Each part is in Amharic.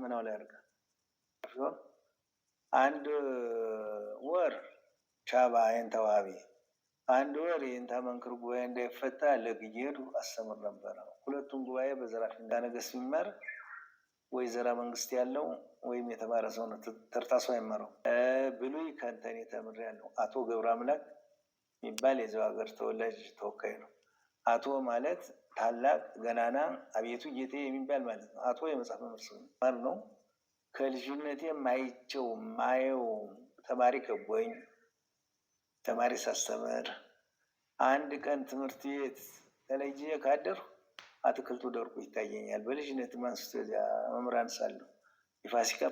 ልመናው ላይ አድርጋ አንድ ወር ቻባ አይን ተዋቢ አንድ ወር ይህን ታመንክር ጉባኤ እንዳይፈታ ለግየዱ አስተምር ነበረ። ሁለቱም ጉባኤ በዘራፊ እንዳነገስ ሲመር ወይ ዘራ መንግስት ያለው ወይም የተማረ ሰው ነው። ተርታ ሰው አይመረው። ብሉይ ከንተኔ ተምር ያለው አቶ ገብረ አምላክ የሚባል የዚያው ሀገር ተወላጅ ተወካይ ነው። አቶ ማለት ታላቅ ገናና አቤቱ ጌቴ የሚባል ማለት ነው። አቶ የመጽሐፍ መምህር ነው። ከልጅነቴ ማይቸው ማየው ተማሪ ከቦኝ ተማሪ ሳስተምር አንድ ቀን ትምህርት ቤት ተለየ ካደር አትክልቱ ደርቆ ይታየኛል። በልጅነት አንስቶ መምህራን ሳለሁ የፋሲካ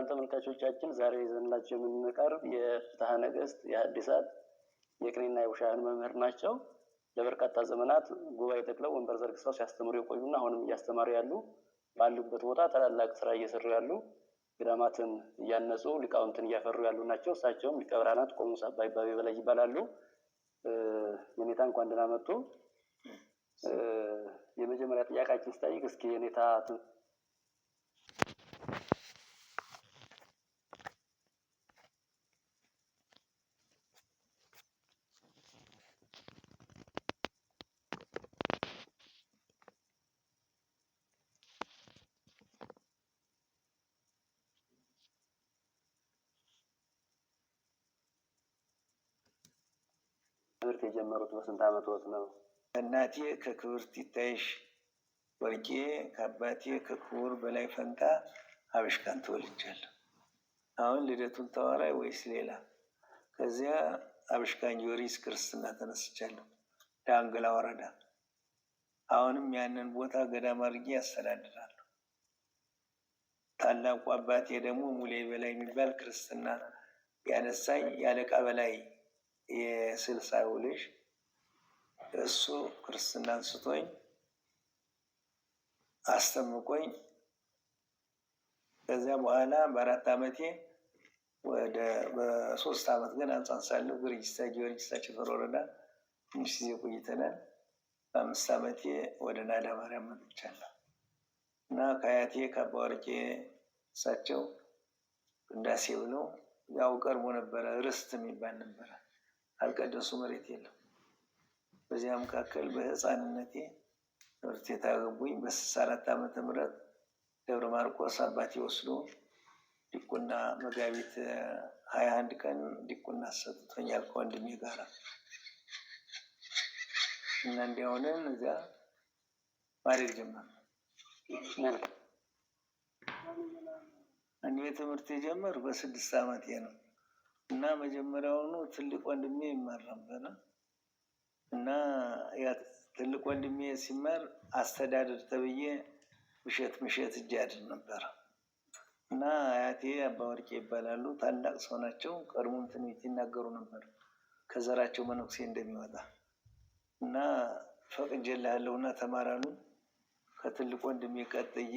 ክቡራን ተመልካቾቻችን ዛሬ ይዘንላቸው የምንቀርብ የፍትሐ ነገስት የሐዲሳት የቅኔና የውሻህን መምህር ናቸው። ለበርካታ ዘመናት ጉባኤ ተክለው ወንበር ዘርግተው ሲያስተምሩ የቆዩና አሁንም እያስተማሩ ያሉ ባሉበት ቦታ ታላላቅ ስራ እየሰሩ ያሉ ገዳማትን እያነጹ ሊቃውንትን እያፈሩ ያሉ ናቸው። እሳቸውም ሊቀብራናት ብርሃናት ቆሞስ አባ በላይ ይባላሉ። የኔታ እንኳን ደህና መጡ። የመጀመሪያ ጥያቃችን ስጠይቅ እስኪ የኔታ ትምህርት የጀመሩት በስንት ወት ነው? ከእናቴ ከክብር ይታይሽ ወርቄ ከአባቴ ከክቡር በላይ ፈንታ አብሽካን ተወልጃለሁ። አሁን ልደቱን ተዋራይ ወይስ ሌላ? ከዚያ አብሽካን ጊዮርጊስ ክርስትና ተነስቻለሁ ዳንግላ ወረዳ። አሁንም ያንን ቦታ ገዳም አድርጌ ያስተዳድራሉ። ታላቁ አባቴ ደግሞ ሙሌ በላይ የሚባል ክርስትና ያነሳኝ ያለቃ በላይ የስልሳዩ ልጅ እሱ ክርስትና አንስቶኝ አስተምቆኝ ከዚያ በኋላ በአራት ዓመቴ ወደ በሶስት ዓመት ግን አንጻን ሳለሁ ግርጅስታ ጊዮርጊስታ ጭፈር ወረዳ ትንሽ ጊዜ ቆይተናል። በአምስት ዓመቴ ወደ ናዳ ማርያም መጥቻለሁ እና ከአያቴ ከአባ ወርቄ እሳቸው ቅዳሴ ብለው ያው ቀርቦ ነበረ ርስት የሚባል ነበረ አልቀደሱ መሬት የለም። በዚያ መካከል በህፃንነቴ ትምህርት የታገቡኝ በስልሳ አራት ዓመተ ምህረት ደብረ ማርቆስ አባቴ ወስዶ ዲቁና መጋቢት ሀያ አንድ ቀን ዲቁና ሰጥቶኛል ከወንድሜ ጋራ እና እንዲያሆነን እዚያ ማድረግ ጀመር። እኔ ትምህርት የጀመር በስድስት ዓመቴ ነው። እና መጀመሪያውኑ ትልቅ ወንድሜ ይማር ነበረ እና ትልቅ ወንድሜ ሲማር አስተዳደር ተብዬ ምሸት ምሸት እጅ አድር ነበረ እና አያቴ አባወርቄ ይባላሉ። ታላቅ ሰው ናቸው። ቀድሞም ትንቢት ይናገሩ ነበር ከዘራቸው መነኩሴ እንደሚወጣ እና ፈቅጄልሃለሁ እና ተማራሉ። ከትልቅ ወንድሜ ቀጥዬ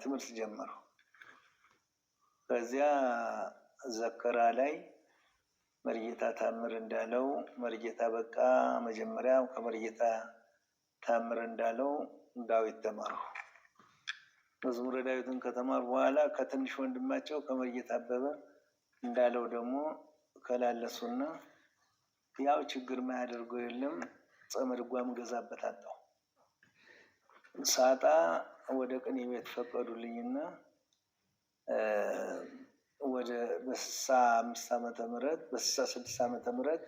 ትምህርት ጀመሩ። ከዚያ ዘከራ ላይ መርጌታ ታምር እንዳለው መርጌታ በቃ መጀመሪያ ከመርጌታ ታምር እንዳለው ዳዊት ተማሩ። መዝሙረ ዳዊትን ከተማሩ በኋላ ከትንሽ ወንድማቸው ከመርጌታ አበበ እንዳለው ደግሞ ከላለሱና ያው ችግር ማያደርገው የለም ጸመድ ጓም ገዛበታለሁ ሳጣ ወደ ቅኔ ቤት ፈቀዱልኝና ወደ በስሳ አምስት ዓመተ ምህረት በስሳ ስድስት ዓመተ ምህረት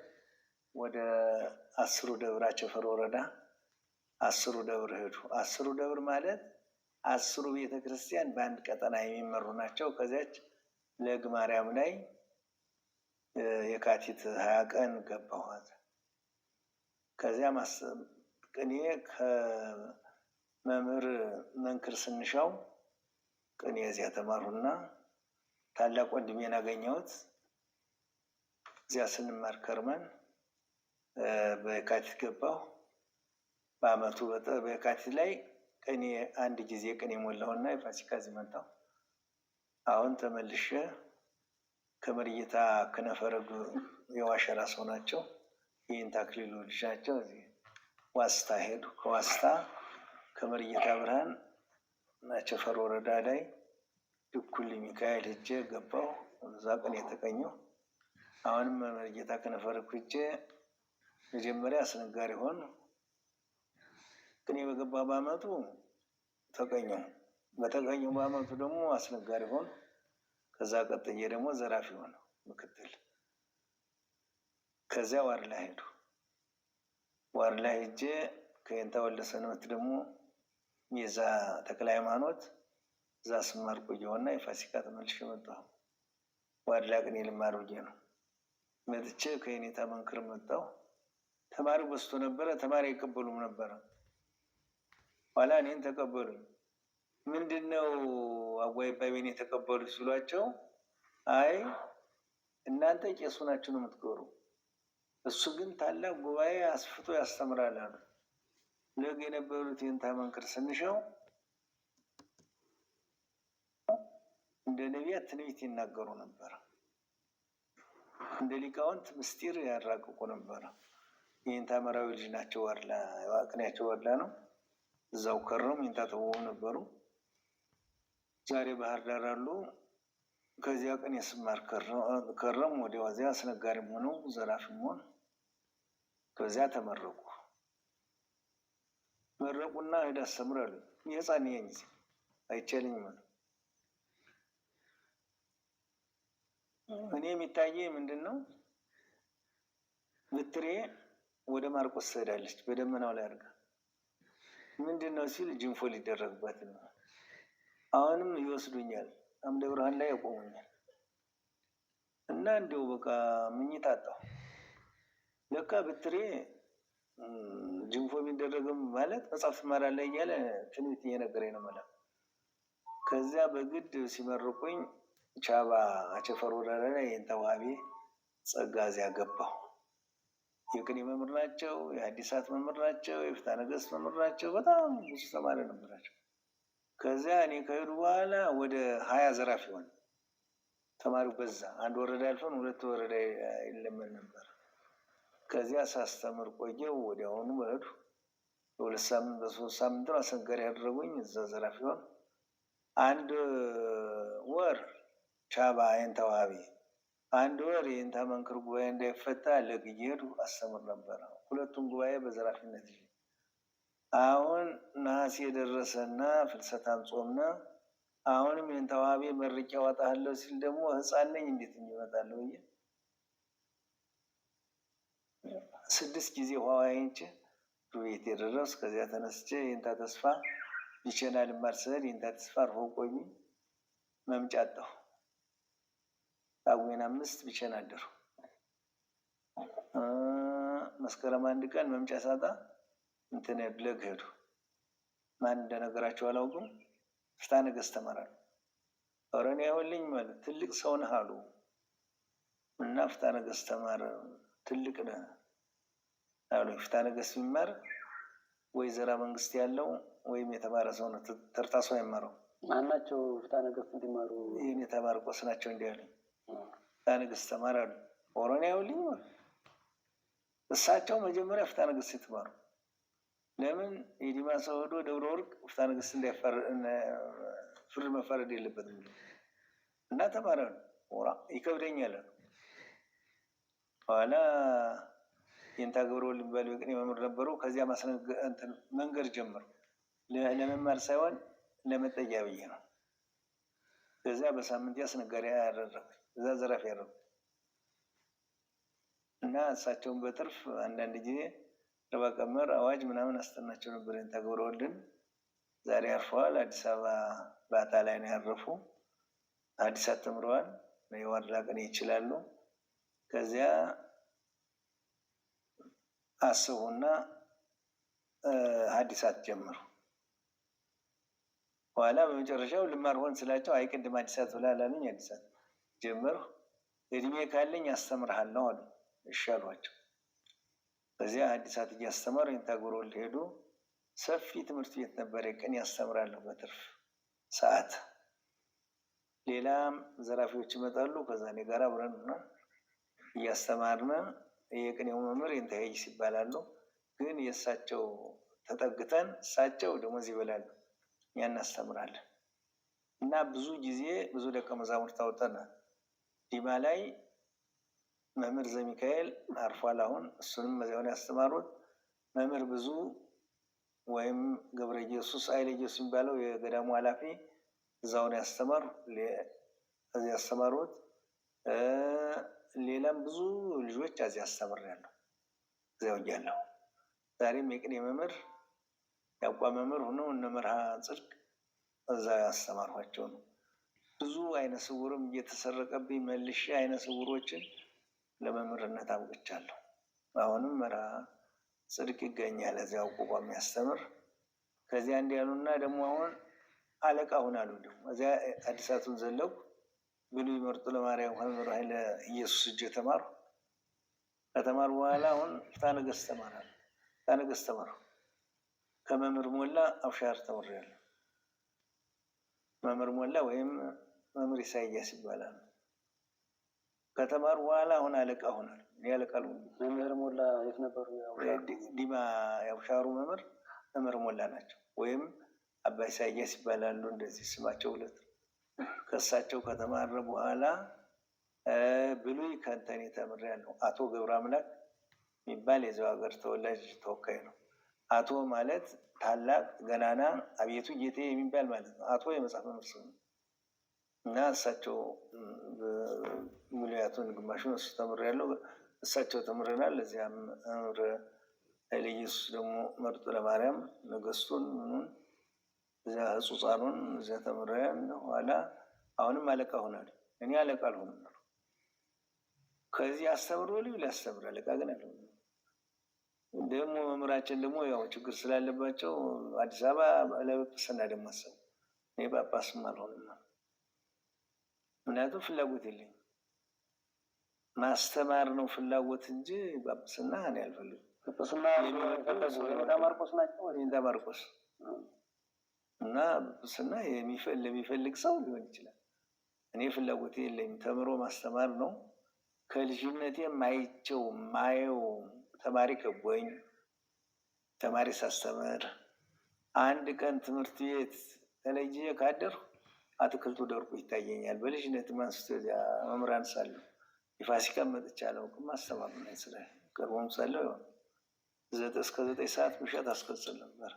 ወደ አስሩ ደብር አቸፈር ወረዳ አስሩ ደብር ሄዱ። አስሩ ደብር ማለት አስሩ ቤተ ክርስቲያን በአንድ ቀጠና የሚመሩ ናቸው። ከዚያች ለግ ማርያም ላይ የካቲት ሀያ ቀን ገባኋት። ከዚያም ቅኔ ከመምህር መንክር ስንሻው ቅኔ እዚያ ተማሩና ታላቅ ወንድሜን አገኘሁት። እዚያ ስንማር ከርመን በየካቲት ገባሁ። በአመቱ በየካቲት ላይ ቀኔ አንድ ጊዜ ቅኔ ሞላሁና የፋሲካ መጣሁ። አሁን ተመልሼ ከመርጌታ ክነፈረግ የዋሸራ ሰው ናቸው። ይህን ታክሊሉ ልጅ ናቸው። ዋስታ ሄዱ። ከዋስታ ከመርጌታ ብርሃን ናቸው ፈር ወረዳ ላይ እኩል ሚካኤል ሄጄ ገባው እዛ ቀን የተቀኘው አሁንም መርጌታ ከነፈርኩ ሄጄ መጀመሪያ አስነጋሪ ሆን ቅኔ በገባ በአመቱ ተቀኘው በተቀኘው በአመቱ ደግሞ አስነጋሪ ሆን ከዛ ቀጥዬ ደግሞ ዘራፊ ሆነ ምክትል ከዚያ ዋርላ ሄዱ ዋርላ ሄጄ ከየንታ ወለሰንበት ደግሞ የዛ ተክለ ሃይማኖት እዛ ስማር ቆየሁና የፋሲካ ተመልሼ መጣሁ። ዋድላ ቅኔ ልማር ብዬ ነው መጥቼ ከየኔታ መንክር መጣሁ። ተማሪ በዝቶ ነበረ። ተማሪ አይቀበሉም ነበረ። ኋላ እኔን ተቀበሉኝ። ምንድን ነው አዋይ ባቤን የተቀበሉ ሲሏቸው፣ አይ እናንተ ቄሱ ናችሁ ነው የምትገሩ፣ እሱ ግን ታላቅ ጉባኤ አስፍቶ ያስተምራል አሉ። ለግ የነበሩት የንታ መንክር ስንሸው እንደ ነቢያት ትንቢት ይናገሩ ነበር። እንደ ሊቃውንት ምስጢር ያራቅቁ ነበር። ይህን ታምራዊ ልጅ ናቸው ዋላ ዋቅንያቸው ዋላ ነው። እዛው ከረም ይንታ ተወው ነበሩ። ዛሬ ባህር ዳር አሉ። ከዚያ ቀን የስማር ከረም ወደ ዋዚያ አስነጋሪም ሆነው ዘራፊም ሆን ከዚያ ተመረቁ። መረቁና ሄዳ አስተምራሉ። የህፃን ያን ጊዜ አይቻለኝም ነው እኔ የሚታየኝ ምንድን ነው? ብትሬ ወደ ማርቆስ ትሄዳለች። በደመናው ላይ አድርጋ ምንድን ነው ሲል ጅንፎ ሊደረግባት ነው። አሁንም ይወስዱኛል፣ አምደ ብርሃን ላይ ያቆሙኛል እና እንዲው በቃ ምኝት አጣሁ። ለካ ብትሬ ጅንፎ የሚደረግም ማለት መጽሐፍ ትማራለህ እያለ ትንቢት እየነገረኝ ነው መላ ከዚያ በግድ ሲመርቁኝ ቻባ አቸፈር ወረደ ይህን ተዋቢ ጸጋ እዚያ ገባው። የቅኔ መምህር ናቸው፣ የአዲሳት መምህር ናቸው፣ የፍትሐ ነገሥት መምህር ናቸው። በጣም ብዙ ተማሪ ነበራቸው። ከዚያ እኔ ከሄዱ በኋላ ወደ ሀያ ዘራፍ ይሆን ተማሪው በዛ። አንድ ወረዳ ያልፈን ሁለት ወረዳ ይለመን ነበር። ከዚያ ሳስተምር ቆየው። ወዲያውኑ በሄዱ በሁለት ሳምንት በሶስት ሳምንት አሰጋሪ ያደረጉኝ እዛ ዘራፍ ይሆን አንድ ወር ሻባ አይን ተዋቢ አንድ ወር ይህን ታመንክር ጉባኤ እንዳይፈታ ለግየዱ አስተምር ነበረ። ሁለቱም ጉባኤ በዘራፊነት አሁን ነሐሴ የደረሰና ፍልሰታን ጾምና አሁንም ይህን ተዋቢ መርቄ ያወጣለሁ ሲል ደግሞ ህፃን ነኝ እንዴት እንዲመጣለሁ ብዬ ስድስት ጊዜ ዋዋይንች ቤት የደረስ ከዚያ ተነስቼ ይህንታ ተስፋ ይቸናል ማርሰል ይህንታ ተስፋ አርፎ ቆሚ መምጫ አጣሁ። ጳጉሜን አምስት ብቻ ናደሩ መስከረም አንድ ቀን መምጫ ሳጣ እንትን ለግ ሄዱ። ማን እንደነገራቸው አላውቅም። ፍታ ነገስት ተመራ ኧረ እኔ ማለት ትልቅ ሰው ነህ አሉ እና ፍታ ነገስት ተማር ትልቅ ነህ አሉ። ፍታ ነገስት የሚማር ወይ ዘራ መንግስት ያለው ወይም የተማረ ሰው ነው። ተርታ ሰው አይማረው። ማናቸው ፍታ ነገስት እንዲማሩ ይህን የተማርቆስ ናቸው እንዲያለኝ ፍትሐ ነገሥት ተማራሉ። ኦሮኒያ ይኸውልኝ እሳቸው መጀመሪያ ፍትሐ የተማሩ ለምን የዲማ ሰው ሄዶ ደብረ ወርቅ ፍትሐ ነገሥት ፍርድ መፈረድ የለበትም እና ተማራሉ። ይከብደኛል በኋላ የንታ ገብረወልድ የሚባል በቅኔ መምህር ነበሩ። ከዚያ መንገድ ጀምር ለመማር ሳይሆን ለመጠያ ብዬ ነው። ከዚያ በሳምንት ያስነጋሪ ያደረገ እዛ ዘራፊ ያለው እና እሳቸውን በትርፍ አንዳንድ ጊዜ ርባ ቀመር አዋጅ ምናምን አስጠናቸው ነበር። ተገብረወልድን ዛሬ አርፈዋል። አዲስ አበባ ባታ ላይ ነው ያረፉ። አዲስ አተምረዋል። የዋርላ ቅኔ ይችላሉ። ከዚያ አስቡና ሐዲሳት ጀምሩ። በኋላ በመጨረሻው ልማር ሆን ስላቸው አይ ቅድም አዲሳት ብላለሉኝ አዲሳት ጀመርሁ። እድሜ ካለኝ አስተምርሃለሁ አሉ። እሺ አሏቸው። በዚያ ሐዲሳት እያስተማሩ ታጎሮል ሄዱ። ሰፊ ትምህርት ቤት ነበር። ቀን ያስተምራለሁ በትርፍ ሰዓት። ሌላም ዘራፊዎች ይመጣሉ። ከዛ እኔ ጋር አብረን ነው እያስተማርነ የቅኔው መምህር ንተያይ ሲባላሉ፣ ግን የእሳቸው ተጠግተን እሳቸው ደሞዝ ይበላሉ፣ እኛ እናስተምራለን እና ብዙ ጊዜ ብዙ ደቀ መዛሙርት አውጠናል። ዲባ ላይ መምህር ዘሚካኤል አርፏል። አሁን እሱንም እዚያውን ያስተማሩት መምህር ብዙ ወይም ገብረ ኢየሱስ አይለ ኢየሱስ የሚባለው የገዳሙ ኃላፊ እዛውን ያስተማር እዚ ያስተማሩት ሌላም ብዙ ልጆች አዚ ያስተምር ያለው እዚያው እያለሁ ዛሬም የቅኔ መምህር የአቋ መምህር ሆነው እነ መርሃ ጽድቅ እዛ ያስተማርኋቸው ነው። ብዙ አይነ ስውርም እየተሰረቀብኝ መልሼ አይነ ስውሮችን ለመምህርነት አብቅቻለሁ። አሁንም መራ ጽድቅ ይገኛል እዚያ አውቁቋ የሚያስተምር ከዚያ አንድ ያሉና ደግሞ አሁን አለቃ ሁናሉ። ደግሞ እዚያ አዲሳቱን ዘለው ብሉይ ይመርጡ ለማርያም ከመምህር ኃይለ ኢየሱስ እጅ የተማሩ ከተማሩ በኋላ አሁን ፍትሐ ተማራል ተማራለሁ። ፍትሐ ነገሥት ከመምህር ሞላ አብሻር ተምሬያለሁ። መምህር ሞላ ወይም መምህር ኢሳያስ ይባላል። ከተማሩ በኋላ አሁን አለቃ ሆኗል። ያለቃሉ መምህር ሞላ የት ነበሩ? ዲማ ያብሻሩ መምህር መምህር ሞላ ናቸው። ወይም አባ ኢሳያስ ይባላሉ። እንደዚህ ስማቸው ሁለት ከሳቸው ከተማረ በኋላ ብሉይ ከንተኔ ተምሬያለሁ። አቶ ገብረ አምላክ የሚባል የዚያው ሀገር ተወላጅ ተወካይ ነው። አቶ ማለት ታላቅ ገናና አቤቱ ጌቴ የሚባል ማለት ነው። አቶ የመጽሐፍ መምህር እና እሳቸው ሙሉያቱን ግማሹን እሱ ያለው እሳቸው ተምረናል። ለዚያም መምህር ኃይለ ኢየሱስ ደግሞ መርጡ ለማርያም ነገስቱን ምኑን እዚያ ህጹጻኑን እዚያ ተምረን ኋላ አሁንም አለቃ ሆናል። እኔ አለቃ አልሆንም። ከዚህ አስተምሮ ልዩ ሊያስተምር አለቃ ግን አልሆንም። ደግሞ መምህራችን ደግሞ ያው ችግር ስላለባቸው አዲስ አበባ ለጵጵስና ደግሞ አሰቡ። እኔ ጳጳስም አልሆንም፣ ምክንያቱም ፍላጎት የለኝ። ማስተማር ነው ፍላጎት እንጂ ጳጳስና እኔ አልፈልግም። ማርቆስ እና ጵጵስና ለሚፈልግ ሰው ሊሆን ይችላል። እኔ ፍላጎት የለኝም። ተምሮ ማስተማር ነው ከልጅነቴ ማይቸው ማየው ተማሪ ከቦኝ ተማሪ ሳስተምር አንድ ቀን ትምህርት ቤት ተለይጄ ካደር አትክልቱ ደርቆ ይታየኛል። በልጅነት ማንስቶ እዚያ መምህራን ሳሉ የፋሲካ መጥቻ አላውቅም። አስተማሩ ነኝ ስለ ቀርቦም ሳለው እስከ ዘጠኝ ሰዓት ምሽት አስከጽል ነበር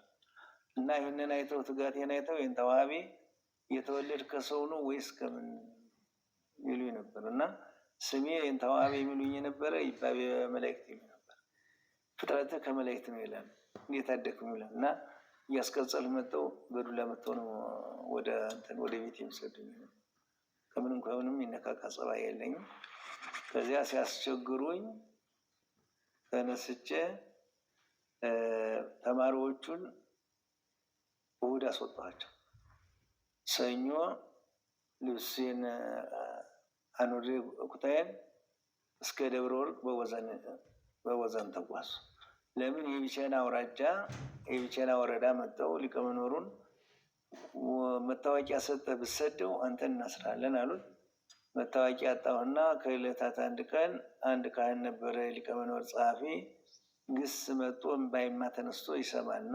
እና ይህንን አይተው ትጋቴን አይተው ይህን ተዋቢ የተወለድ ከሰው ነው ወይስ ከምን ይሉኝ ነበር እና ስሜ ይህን ተዋቢ የሚሉኝ የነበረ ይባቤ መላእክት የሚለው ፍጥረተ ከመላእክት ነው ይላል። እንዴት አደክም ይላል እና እያስቀጸል መጠው በዱላ መጥተው ነው ወደ እንትን ወደ ቤት የሚሰዱኝ። ከምንም ከምንም ይነካካ ጸባይ የለኝም። ከዚያ ሲያስቸግሩኝ ተነስቼ ተማሪዎቹን እሑድ አስወጣኋቸው። ሰኞ ልብሴን አኑሬ ኩታዬን እስከ ደብረ ወርቅ በወዘን ተጓዙ። ለምን የቢቸና አውራጃ የቢቸና ወረዳ መጠው ሊቀመኖሩን መታወቂያ ሰጠ ብሰደው አንተን እናስራለን አሉት። መታወቂያ አጣሁና ከእለታት አንድ ቀን አንድ ካህን ነበረ ሊቀመኖር ጸሐፊ ግስ መጦ ባይማ ተነስቶ ይሰማና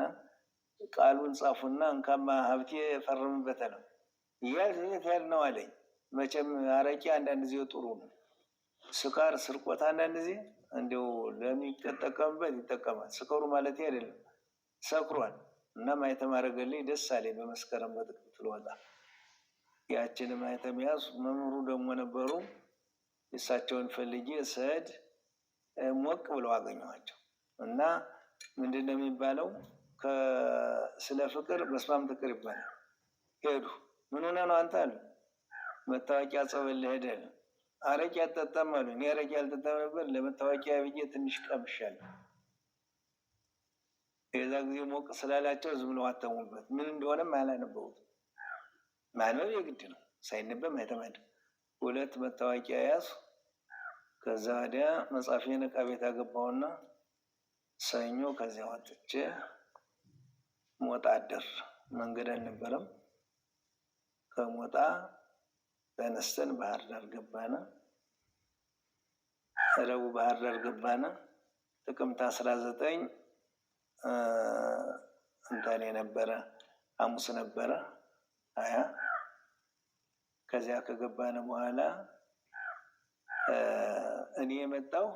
ቃሉን ጻፉና እንካማ ሀብቴ የፈረምበት ነው እያልት ያል ነው አለኝ። መቼም አረቂ አንዳንድ ጊዜ ጥሩ ነው፣ ስካር ስርቆት አንዳንድ ጊዜ እንዲው ለሚጠቀምበት ይጠቀማል። ስከሩ ማለት አይደለም ሰክሯል። እና ማየተም አደረገልኝ ደስ አለኝ በመስከረም በጥቅምት ልወጣ ያችን ማየተም ያዝ። መምህሩ ደግሞ ነበሩ። እሳቸውን ፈልጌ ስሄድ ሞቅ ብለው አገኘኋቸው እና ምንድን ነው የሚባለው ስለ ፍቅር መስማም ትቅር ይባላል። ሄዱ ምን ሆነ ነው አንተ አሉ መታወቂያ ጸበል ሄደል አረቄ አጠጣም አሉ። እኔ አረቄ አልጠጣም ነበር። ለመታወቂያ ብዬ ትንሽ ቀምሻለሁ። የዛ ጊዜ ሞቅ ስላላቸው ዝም ብለው አተሙበት። ምን እንደሆነም አላነበቡት። ማንበብ የግድ ነው። ሳይነበብ አይተማድ። ሁለት መታወቂያ ያዝ። ከዛ ወዲያ መጽሐፌን ዕቃ ቤት አገባውና ሰኞ ከዚያ ወጥቼ ሞጣ አደር መንገድ አልነበረም ከሞጣ ተነስተን ባህር ዳር ገባነ። ረቡ ባህር ዳር ገባነ። ጥቅምት አስራ ዘጠኝ እንትን የነበረ ሐሙስ ነበረ ሀያ ከዚያ ከገባነ በኋላ እኔ የመጣው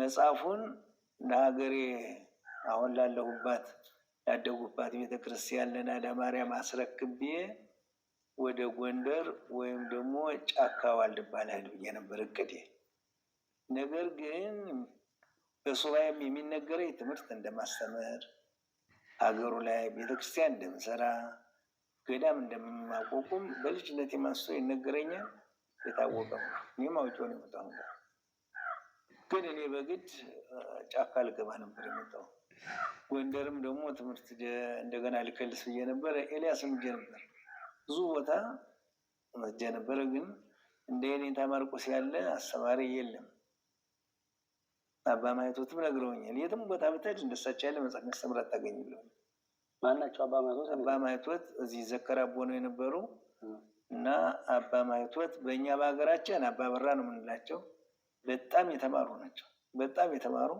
መጽሐፉን ለሀገሬ አሁን ላለሁባት ያደጉባት ቤተክርስቲያን ለናዳ ማርያም አስረክቤ ወደ ጎንደር ወይም ደግሞ ጫካ ዋልድባ ብዬ ነበር እቅዴ። ነገር ግን በሱባኤም የሚነገረኝ ትምህርት እንደማስተምር፣ ሀገሩ ላይ ቤተክርስቲያን እንደምሰራ፣ ገዳም እንደምማቆቁም በልጅነት የማንስቶ ይነገረኛል። የታወቀ እኔም አውጪውን የመጣሁ ግን እኔ በግድ ጫካ ልገባ ነበር የመጣው። ጎንደርም ደግሞ ትምህርት እንደገና ልከልስ ብዬ ነበረ። ኤልያስም ሄጄ ነበር ብዙ ቦታ ወጀ ነበረ፣ ግን እንደ እኔ ማርቆስ ያለ አስተማሪ የለም። አባ ማይቶትም ነግረውኛል። የትም ቦታ ብትሄድ እንደሳቸው ያለ መጽሐፍ የሚያስተምር አታገኝ ብለ ማናቸው አባ ማይቶት አባ ማይቶት እዚህ ዘከራቦ ነው የነበሩ እና አባ ማይቶት በእኛ በሀገራችን አባ በራ ነው የምንላቸው። በጣም የተማሩ ናቸው። በጣም የተማሩ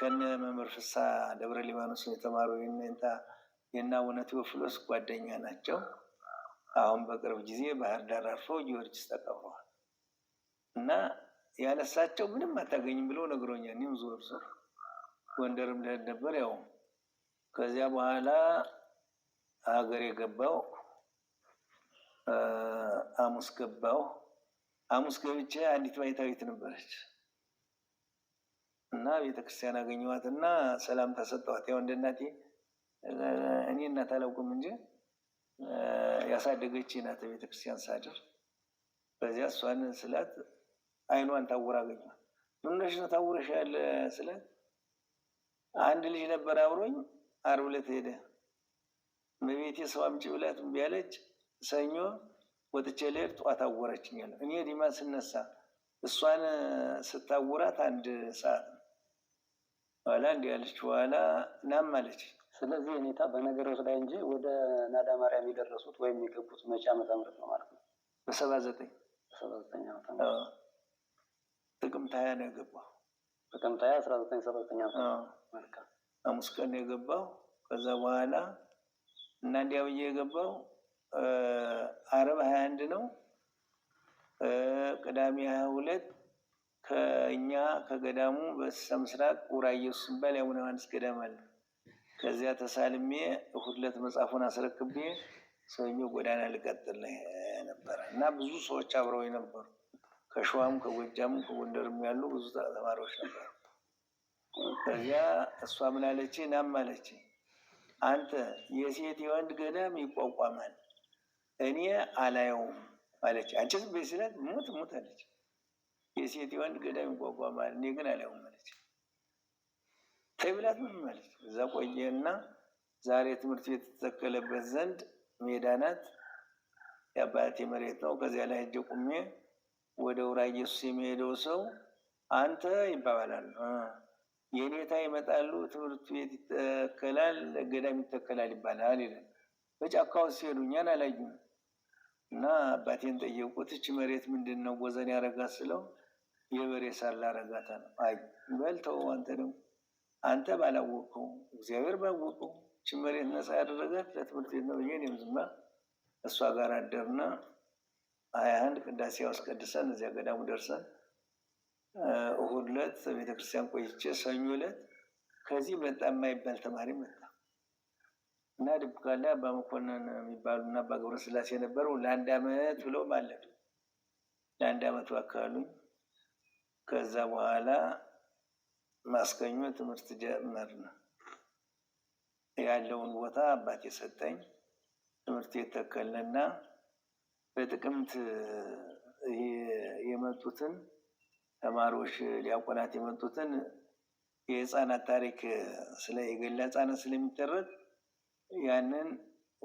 ከነ መምህር ፍሳ ደብረ ሊባኖስ የተማሩ የእና አቡነ ቴዎፍሎስ ጓደኛ ናቸው። አሁን በቅርብ ጊዜ ባህር ዳር አርፈው ጊዮርጊስ ተቀብረዋል እና ያለሳቸው ምንም አታገኝም ብለው ነግሮኛል። እኔም ዞር ዞር ጎንደርም ልሄድ ነበር። ያው ከዚያ በኋላ ሀገር የገባው ሐሙስ ገባው። ሐሙስ ገብቼ አንዲት ባይታዊት ነበረች እና ቤተክርስቲያን አገኘኋት እና ሰላም ተሰጠኋት። ያው እንደ እናቴ እኔ እናት አላውቅም እንጂ ያሳደገች ናት። ቤተክርስቲያን ሳድር በዚያ እሷን ስላት አይኗን ታውራ አገኘ። ምንነሽ ነው ታውረሽ ያለ ስላት አንድ ልጅ ነበር አብሮኝ ዓርብ ዕለት ሄደ። በቤቴ ሰው አምጪ ብላት እምቢ አለች። ሰኞ ወጥቼ ልሄድ ጠዋት አወረችኝ ያለ እኔ ዲማ ስነሳ እሷን ስታውራት አንድ ሰዓት ነው። በኋላ እንዲህ አለች። በኋላ ናም አለች ስለዚህ የኔታ በነገሮች ላይ እንጂ ወደ ናዳ ማርያም የደረሱት ወይም የገቡት መቼ ዓመተ ምህረት ነው ማለት ነው? በሰባ ዘጠኝ በሰባ ዘጠኝ ዓመተ ምህረት ጥቅምት ሀያ ነው የገባው። ጥቅምት ሀያ አስራ ዘጠኝ ሰባ ዘጠኝ ዓመተ ምህረት ሐሙስ ቀን የገባው። ከዛ በኋላ እና እንዲያ ብዬ የገባው አረብ ሀያ አንድ ነው ቅዳሜ ሀያ ሁለት ከእኛ ከገዳሙ በስተ ምስራቅ ውራ ኢየሱስ ሲባል የአቡነ ዮሐንስ ገዳም አለ ከዚያ ተሳልሜ እሑድ መጽሐፉን አስረክቤ ሰኞ ጎዳና ልቀጥል ነበረ እና ብዙ ሰዎች አብረው ነበሩ። ከሸዋም ከጎጃም ከጎንደርም ያሉ ብዙ ተማሪዎች ነበሩ። ከዚያ እሷ ምን አለች? ናም አለች አንተ የሴት የወንድ ገዳም ይቋቋማል እኔ አላየውም አለች። አንቺ ዝም በይ ሙት ሙት አለች። የሴት የወንድ ገዳም ይቋቋማል እኔ ግን አላየውም አለች። ቅብለት ምን ማለት እዛ ቆየና ዛሬ ትምህርት ቤት የተተከለበት ዘንድ ሜዳ ናት። የአባቴ መሬት ነው። ከዚያ ላይ እጀ ቁሜ ወደ ውራ ኢየሱስ የሚሄደው ሰው አንተ ይባባላል። የኔታ ይመጣሉ፣ ትምህርት ቤት ይተከላል፣ ገዳም ይተከላል ይባላል ይላል። በጫካው ሲሄዱ እኛን አላዩም እና አባቴን ጠየቁት። እች መሬት ምንድን ነው ጎዘን ያረጋት ስለው የበሬ ሳር ነው። አይ በልተው አንተ ደግሞ አንተ ባላወቀው እግዚአብሔር ባወቀው ችመሬት ነሳ ያደረጋት ለትምህርት ቤት ነው ዝማ እሷ ጋር አደርና ሀያ አንድ ቅዳሴ አስቀድሰን እዚያ ገዳሙ ደርሰን እሁድ ዕለት ቤተክርስቲያን ቆይቼ ሰኞ ዕለት ከዚህ በጣም የማይባል ተማሪ መጣ እና ድብቃላ አባ መኮንን የሚባሉ እና አባ ገብረ ስላሴ የነበረው ለአንድ አመት ብለው ማለት ለአንድ አመት ባካሉኝ ከዛ በኋላ ማስገኞ ትምህርት ነው ያለውን ቦታ አባት የሰጠኝ ትምህርት የተከለና በጥቅምት የመጡትን ተማሪዎች ሊያቆናት የመጡትን የህፃናት ታሪክ ስለ የገላ ህፃናት ስለሚደረግ ያንን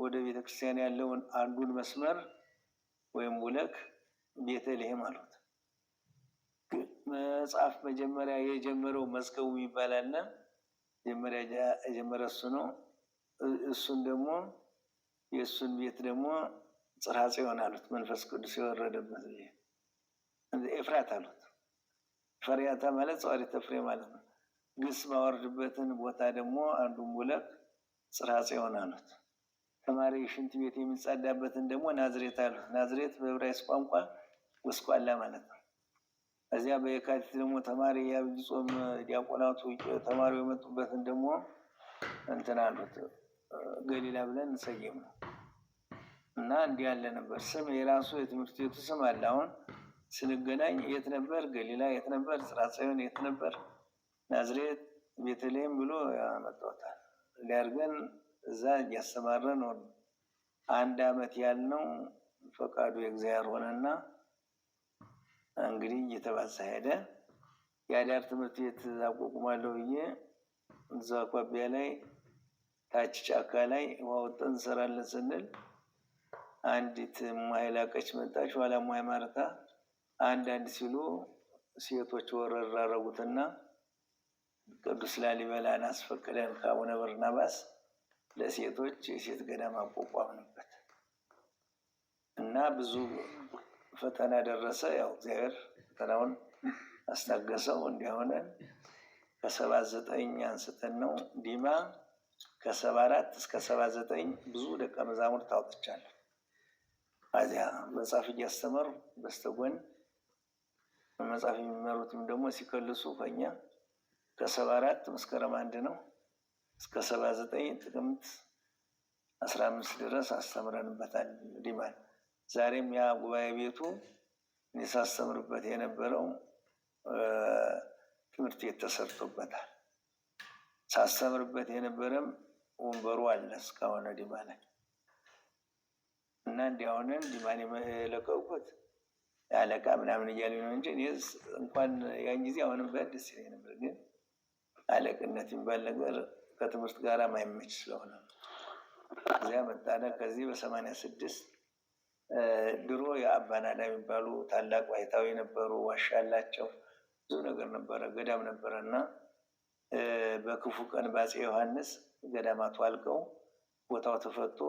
ወደ ቤተክርስቲያን ያለውን አንዱን መስመር ወይም ውለክ ቤተልሔም አሉት። መጽሐፍ መጀመሪያ የጀመረው መዝገቡ ይባላልና መጀመሪያ የጀመረ እሱ ነው። እሱን ደግሞ የእሱን ቤት ደግሞ ጽራጽ ሆን አሉት። መንፈስ ቅዱስ የወረደበት ኤፍራት አሉት። ፈሪያታ ማለት ጸዋሪ ተፍሬ ማለት ነው። ግስ ማወርድበትን ቦታ ደግሞ አንዱ ቡለክ ጽራጽ ጽዮን አሉት። ተማሪ ሽንት ቤት የሚጻዳበትን ደግሞ ናዝሬት አሉት። ናዝሬት በዕብራይስጥ ቋንቋ ጎስቋላ ማለት ነው። እዚያ በየካቲት ደግሞ ተማሪ የአብይ ጾም ዲያቆናቱ ተማሪው የመጡበትን ደግሞ እንትን አሉት ገሊላ ብለን እንሰየም ነው እና እንዲህ ያለ ነበር። ስም የራሱ የትምህርት ቤቱ ስም አለ። አሁን ስንገናኝ የት ነበር ገሊላ፣ የት ነበር ጽርሐ ጽዮን፣ የት ነበር ናዝሬት፣ ቤተልሔም ብሎ ያመጣታል ሊያርገን እዛ እያስተማረን አንድ አመት ያልነው ፈቃዱ የእግዚአብሔር ሆነና እንግዲህ እየተባሳ ሄደ። የአዳር ትምህርት ቤት አቋቁማለሁ ብዬ እዛ አኳቢያ ላይ ታች ጫካ ላይ ውሃ ወጥተን እንሰራለን ስንል አንዲት ማይላቀች መጣች። ኋላ ማይ ማርታ አንዳንድ ሲሉ ሴቶች ወረር አረጉትና ቅዱስ ላሊበላን አስፈቅደን ከአቡነ በርናባስ ለሴቶች የሴት ገዳም አቋቋምንበት እና ብዙ ፈተና ደረሰ። ያው እግዚአብሔር ፈተናውን አስታገሰው። እንዲሆነ ከሰባ ዘጠኝ አንስተን ነው ዲማ ከሰባ አራት እስከ ሰባ ዘጠኝ ብዙ ደቀ መዛሙርት አውጥቻለሁ። አዚያ መጽሐፍ እያስተመሩ በስተጎን መጽሐፍ የሚመሩትም ደግሞ ሲከልሱ ከኛ ከሰባ አራት መስከረም አንድ ነው እስከ ሰባ ዘጠኝ ጥቅምት አስራ አምስት ድረስ አስተምረንበታል ዲማን ዛሬም ያ ጉባኤ ቤቱ ሳስተምርበት የነበረው ትምህርት ቤት ተሰርቶበታል። ሳስተምርበት የነበረም ወንበሩ አለ እስካሁን ዲማ እና እንዲያሆነን ዲማን የለቀቁት አለቃ ምናምን እያሉ ነው እንጂ እንኳን ያን ጊዜ አሁንም በህል ደስ ይለኝ ነበር። ግን አለቅነት የሚባል ነገር ከትምህርት ጋር ማይመች ስለሆነ እዚያ መጣነ ከዚህ በሰማንያ ስድስት ድሮ የአባናዳ የሚባሉ ታላቅ ባይታዊ ነበሩ። ዋሻ ያላቸው ብዙ ነገር ነበረ፣ ገዳም ነበረ እና በክፉ ቀን በአፄ ዮሐንስ ገዳማቱ አልቀው ቦታው ተፈቶ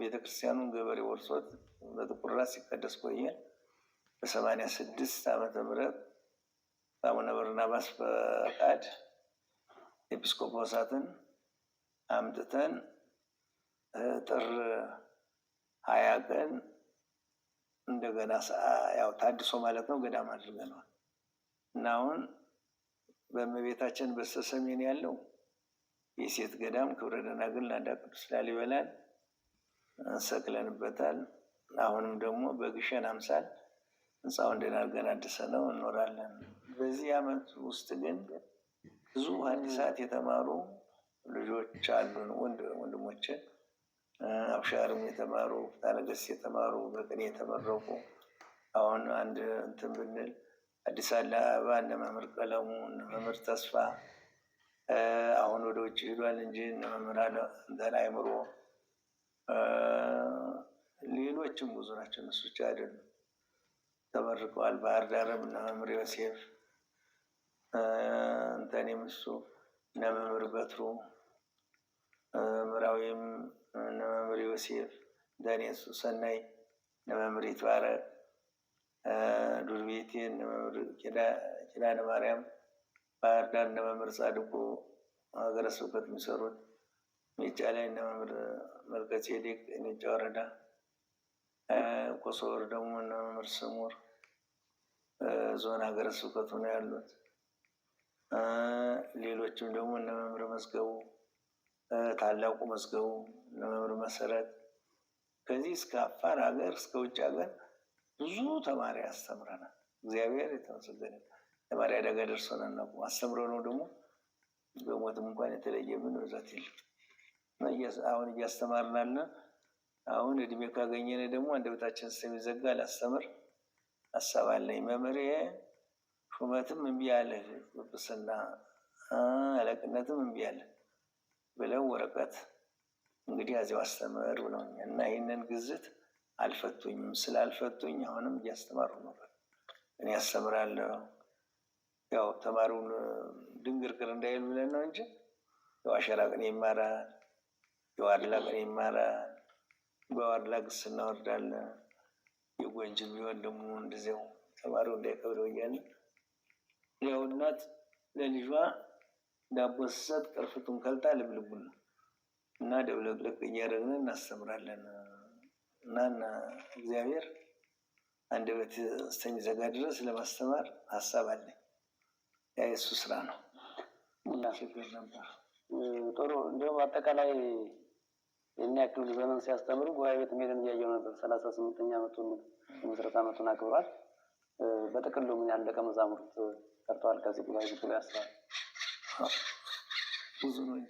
ቤተክርስቲያኑን ገበሬ ወርሶት በጥቁር ራስ ሲቀደስ ቆየ። በሰማንያ ስድስት ዓመተ ምህረት በአቡነ በርናባስ ፈቃድ ኤጲስቆጶሳትን አምጥተን ጥር ሀያ ቀን እንደገና ያው ታድሶ ማለት ነው ገዳም አድርገነዋል እና አሁን በእመቤታችን በስተሰሜን ያለው የሴት ገዳም ክብረ ደናግል ናዳ ቅዱስ ላሊበላን እንሰቅለንበታል። አሁንም ደግሞ በግሸን አምሳል ህንፃውን እንድናርገን አድሰ ነው እንኖራለን። በዚህ አመት ውስጥ ግን ብዙ ሐዲሳት የተማሩ ልጆች አሉን ወንድሞችን አብሻርም የተማሩ ታነገስ የተማሩ በቅኔ የተመረቁ አሁን አንድ እንትን ብንል አዲስ አበባ እነ መምህር ቀለሙ እነ መምህር ተስፋ አሁን ወደ ውጭ ሂዷል እንጂ እነ መምህር እንትን አይምሮ ሌሎችም ብዙ ናቸው። እነሱ ብቻ አይደሉም ተመርቀዋል። ባህር ዳርም እነ መምህር ዮሴፍ እንተኔም እሱ እነ መምህር በትሩ ምራዊም እነ መምህር ዮሴፍ ዳንኤል ሱሰናይ፣ እነ መምህር ይትባረክ ዱርቤቴ፣ እነ መምህር ኪዳነ ማርያም ባህርዳር፣ ዳር፣ እነ መምህር ጻድቁ ሀገረ ስብከት የሚሰሩት ሜጫ ላይ እነ መምህር መልከ ጼዴቅ ሜጫ ወረዳ፣ ቆሶወር ደግሞ እነ መምህር ስሙር ዞን ሀገረ ስብከቱ ነው ያሉት። ሌሎችም ደግሞ እነ መምህር መዝገቡ ታላቁ መዝገቡ መምህር መሰረት ከዚህ እስከ አፋር ሀገር እስከ ውጭ ሀገር ብዙ ተማሪ አስተምረናል። እግዚአብሔር የተመሰገነ ተማሪ አደጋ ደርሶን አናውቅም። አስተምረ ነው ደግሞ በሞትም እንኳን የተለየ ምን ብዛት የለም። አሁን እያስተማርናልና አሁን እድሜ ካገኘን ደግሞ አንደበታችን ስለሚዘጋ ላስተምር ሀሳብ አለኝ። መምሬ ሹመትም እምቢ አለ፣ ጵጵስና አለቅነትም እምቢ አለ። ብለው ወረቀት እንግዲህ ያዚያው አስተምር ብለውኛል እና ይህንን ግዝት አልፈቱኝም። ስላልፈቱኝ አሁንም እያስተማሩ ነው። እኔ ያስተምራለሁ ያው ተማሪውን ድንግርግር እንዳይል ብለን ነው እንጂ ያው አሸራ ቅኔ ይማራል፣ የዋድላ ቅኔ ይማራል። በዋድላ ግስ እናወርዳለን። የጎንጅ ቢሆን ደግሞ እንደዚያው ተማሪው እንዳይከብደው እያለ ያው እናት ለልጇ ዳቦ ስሰጥ ቅርፍቱን ከልታ ልብልቡን እና ደብለቅለቅ እያደረግን እናስተምራለን እና እግዚአብሔር አንደበት እስከሚዘጋ ድረስ ለማስተማር ሀሳብ አለኝ። ያ የእሱ ስራ ነው። ጥሩ እንዲሁም አጠቃላይ የኛ ክፍል ዘመን ሲያስተምሩ ጉባኤ ቤት ሜድን እያየው ነበር። ሰላሳ ስምንተኛ ዓመቱን የምስረት ዓመቱን አክብሯል። በጥቅሉ ምን ያህል ደቀ መዛሙርት ቀርተዋል? ከዚህ ጉባኤ ቤት ያስባል huzuruna